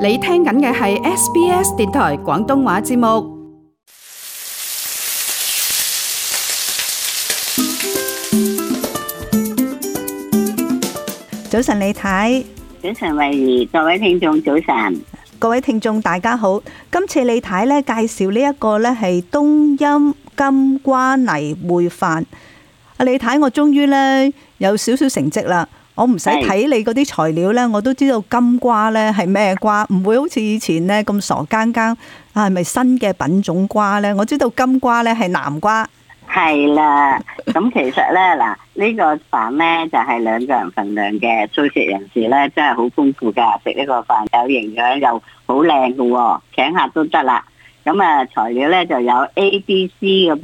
你聽緊嘅係 SBS 電台廣東話節目。早晨李太，早晨惠儀，各位聽眾早晨，各位聽眾大家好。今次李太咧介紹呢一個咧係冬陰金瓜泥燴飯。阿李太，我終於咧有少少成績啦。我唔使睇你嗰啲材料咧，我都知道金瓜咧係咩瓜，唔會好似以前咧咁傻更更，啊，係咪新嘅品種瓜咧？我知道金瓜咧係南瓜。係啦，咁其實咧嗱，呢個飯咧就係兩個人份量嘅，素食人士咧真係好豐富噶，食呢個飯有營養又好靚噶，請客都得啦。咁啊，材料咧就有 A、B、C 嘅噃，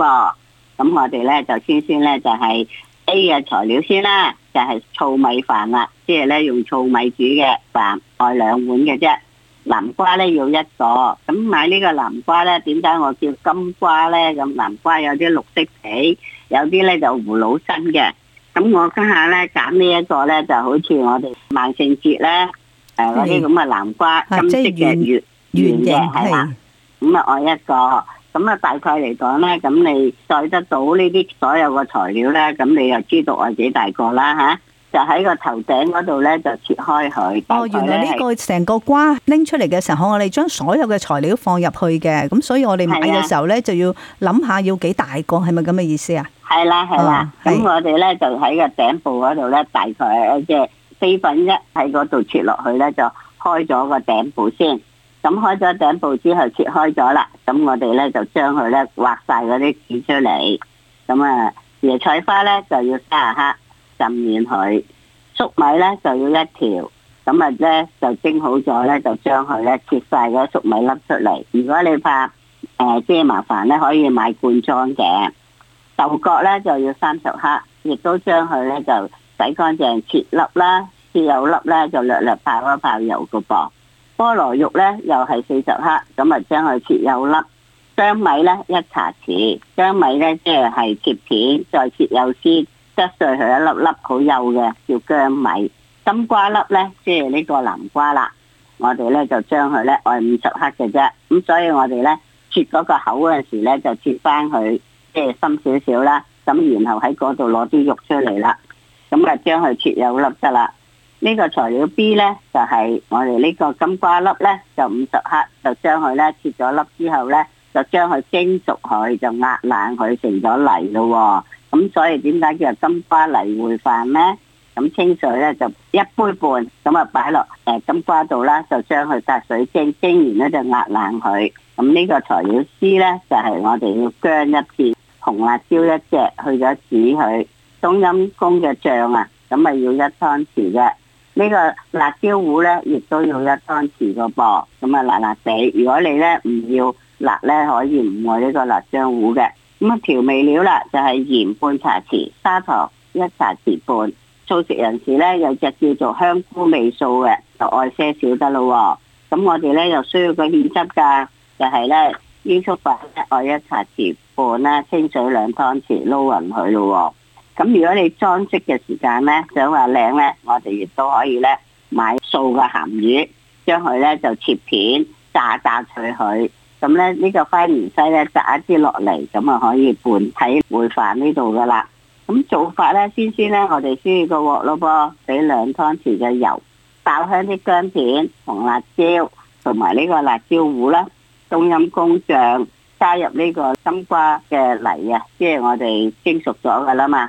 咁我哋咧就先先咧就係。A 嘅材料先啦，就係糙米飯啦，即係咧用糙米煮嘅飯，外兩碗嘅啫。南瓜咧要一個，咁買呢個南瓜咧，點解我叫金瓜咧？咁南瓜有啲綠色皮，有啲咧就葫蘆身嘅。咁我家下咧揀呢一個咧，就好似我哋萬聖節咧，誒嗰啲咁嘅南瓜，的金色嘅圓圓嘅係嘛，咁啊外一個。咁啊，大概嚟講咧，咁你載得到呢啲所有嘅材料咧，咁你又知道我幾大個啦吓，就喺個頭頂嗰度咧就切開佢。哦，原來呢個成個瓜拎出嚟嘅時候，我哋將所有嘅材料放入去嘅，咁所以我哋買嘅時候咧、啊、就要諗下要幾大個，係咪咁嘅意思啊？係啦係啦，咁、啊、吧我哋咧就喺個頂部嗰度咧，大概即係四分一喺嗰度切落去咧，就開咗個頂部先。咁開咗頂部之後切開咗啦，咁我哋咧就將佢咧挖曬嗰啲籽出嚟。咁啊，椰菜花咧就要三十克浸軟佢，粟米咧就要一條。咁啊咧就蒸好咗咧，就將佢咧切曬嗰粟米粒出嚟。如果你怕誒即係麻煩咧，可以買罐裝嘅豆角咧就要三十克，亦都將佢咧就洗乾淨切粒啦，切有粒咧就略略泡一泡油嘅噃。菠蘿肉呢又係四十克，咁啊將佢切幼粒。薑米呢一茶匙，薑米呢即係切片，再切幼絲，剁碎佢一粒粒好幼嘅，叫薑米。金瓜粒呢即係呢個南瓜啦，我哋呢就將佢呢按五十克嘅啫，咁所以我哋呢切嗰個口嗰陣時咧就切翻佢即係深少少啦，咁然後喺嗰度攞啲肉出嚟啦，咁啊將佢切幼粒得啦。呢個材料 B 呢，就係、是、我哋呢個金瓜粒呢，就五十克，就將佢咧，切咗粒之後呢，就將佢蒸熟佢，就壓爛佢成咗泥咯、哦。咁所以點解叫金瓜泥燴飯呢？咁清水呢，就一杯半，咁啊擺落誒金瓜度啦，就將佢隔水蒸，蒸完呢，就壓爛佢。咁呢個材料 C 呢，就係、是、我哋要薑一片，紅辣椒一隻，去咗籽佢，冬陰功嘅醬啊，咁啊要一湯匙嘅。呢個辣椒糊呢，亦都要一湯匙嘅噃，咁啊辣辣地。如果你呢唔要辣呢，可以唔愛呢個辣椒糊嘅。咁啊調味料啦，就係鹽半茶匙，砂糖一茶匙半。素食人士呢，有隻叫做香菇味素嘅，就愛些少得咯喎。咁我哋呢，就需要個芡汁㗎，就係咧鷹粟粉一愛一茶匙半啦，清水兩湯匙撈匀佢咯喎。咁如果你裝飾嘅時間呢，想話靚呢，我哋亦都可以呢買素嘅鹹魚，將佢呢就切片炸炸脆佢，咁呢呢、這個花芫茜呢，炸一啲落嚟，咁啊可以拌喺燴飯呢度噶啦。咁做法呢，先先呢，我哋先要個鑊咯噃，俾兩湯匙嘅油爆香啲薑片、同辣椒同埋呢個辣椒糊啦，冬陰功醬加入呢個冬瓜嘅泥啊，即係我哋蒸熟咗嘅啦嘛。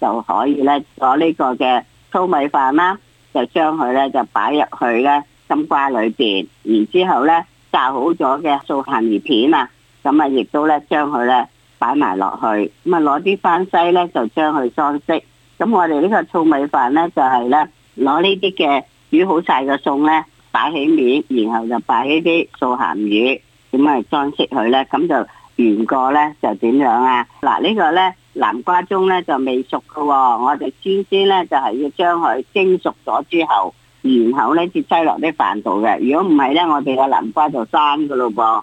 就可以咧攞呢個嘅糙米飯啦，就將佢咧就擺入去咧金瓜裏邊，然之後咧炸好咗嘅素鹹魚片啊，咁啊亦都咧將佢咧擺埋落去，咁啊攞啲番西咧就將佢裝飾。咁我哋呢個糙米飯咧就係咧攞呢啲嘅煮好晒嘅餸咧擺起面，然後就擺呢啲素鹹魚，咁啊裝飾佢咧，咁就完個咧、這個咧就點樣啊？嗱呢個咧。南瓜盅咧就未熟噶喎，我哋先先咧就係要將佢蒸熟咗之後，然後咧先擠落啲飯度嘅。如果唔係咧，我哋個南瓜就生噶咯噃。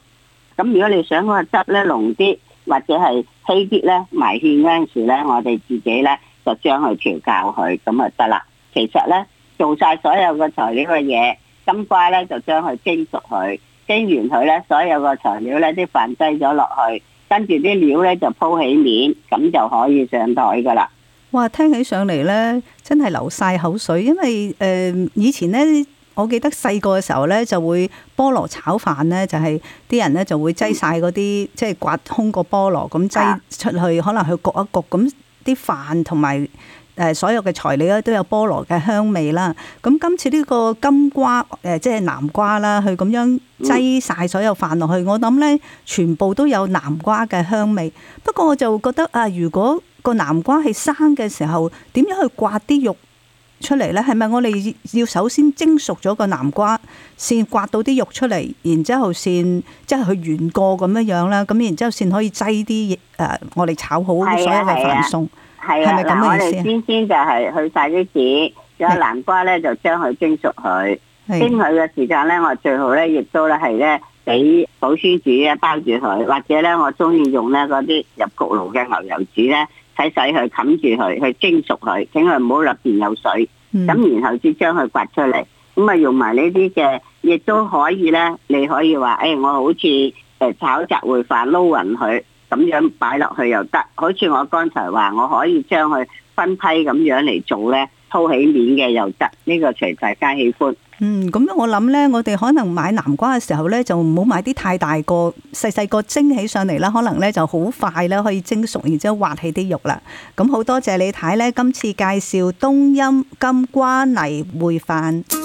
咁如果你想個汁咧濃啲或者係稀啲咧，埋芡嗰陣時咧，我哋自己咧就將佢調教佢，咁啊得啦。其實咧做晒所有嘅材料嘅嘢，金瓜咧就將佢蒸熟佢，蒸完佢咧所有嘅材料咧啲飯擠咗落去。跟住啲料咧就鋪起面，咁就可以上枱㗎喇。哇，聽起上嚟咧，真係流晒口水，因為誒、呃、以前咧，我記得細個嘅時候咧，就會菠蘿炒飯咧，就係、是、啲人咧就會擠晒嗰啲，嗯、即係刮空個菠蘿咁擠出去，嗯、可能去焗一焗，咁啲飯同埋。誒，所有嘅材料咧都有菠蘿嘅香味啦。咁今次呢個金瓜誒，即係南瓜啦，佢咁樣擠晒所有飯落去，我諗咧全部都有南瓜嘅香味。不過我就覺得啊，如果個南瓜係生嘅時候，點樣去刮啲肉出嚟咧？係咪我哋要首先蒸熟咗個南瓜，先刮到啲肉出嚟，然之後先即係去軟過咁樣樣啦？咁然之後先可以擠啲誒，我哋炒好所有嘅飯餸。係啊，嗱我哋先先就係去晒啲籽，仲有南瓜咧，就將佢蒸熟佢，的蒸佢嘅時間咧我最好咧亦都咧係咧俾保鮮紙啊包住佢，或者咧我中意用咧嗰啲入焗爐嘅牛油紙咧細細去冚住佢，去蒸熟佢，請佢唔好入邊有水，咁的然後先將佢刮出嚟，咁啊用埋呢啲嘅亦都可以咧，你可以話誒、欸、我好似誒炒雜燴飯撈匀佢。咁樣擺落去又得，好似我剛才話，我可以將佢分批咁樣嚟做，呢鋪起面嘅又得，呢、這個隨大家喜歡。嗯，咁我諗呢，我哋可能買南瓜嘅時候呢，就唔好買啲太大個，細細個蒸起上嚟啦，可能呢就好快啦，可以蒸熟，然之後滑起啲肉啦。咁好多謝你睇呢，今次介紹冬陰金瓜泥燴飯。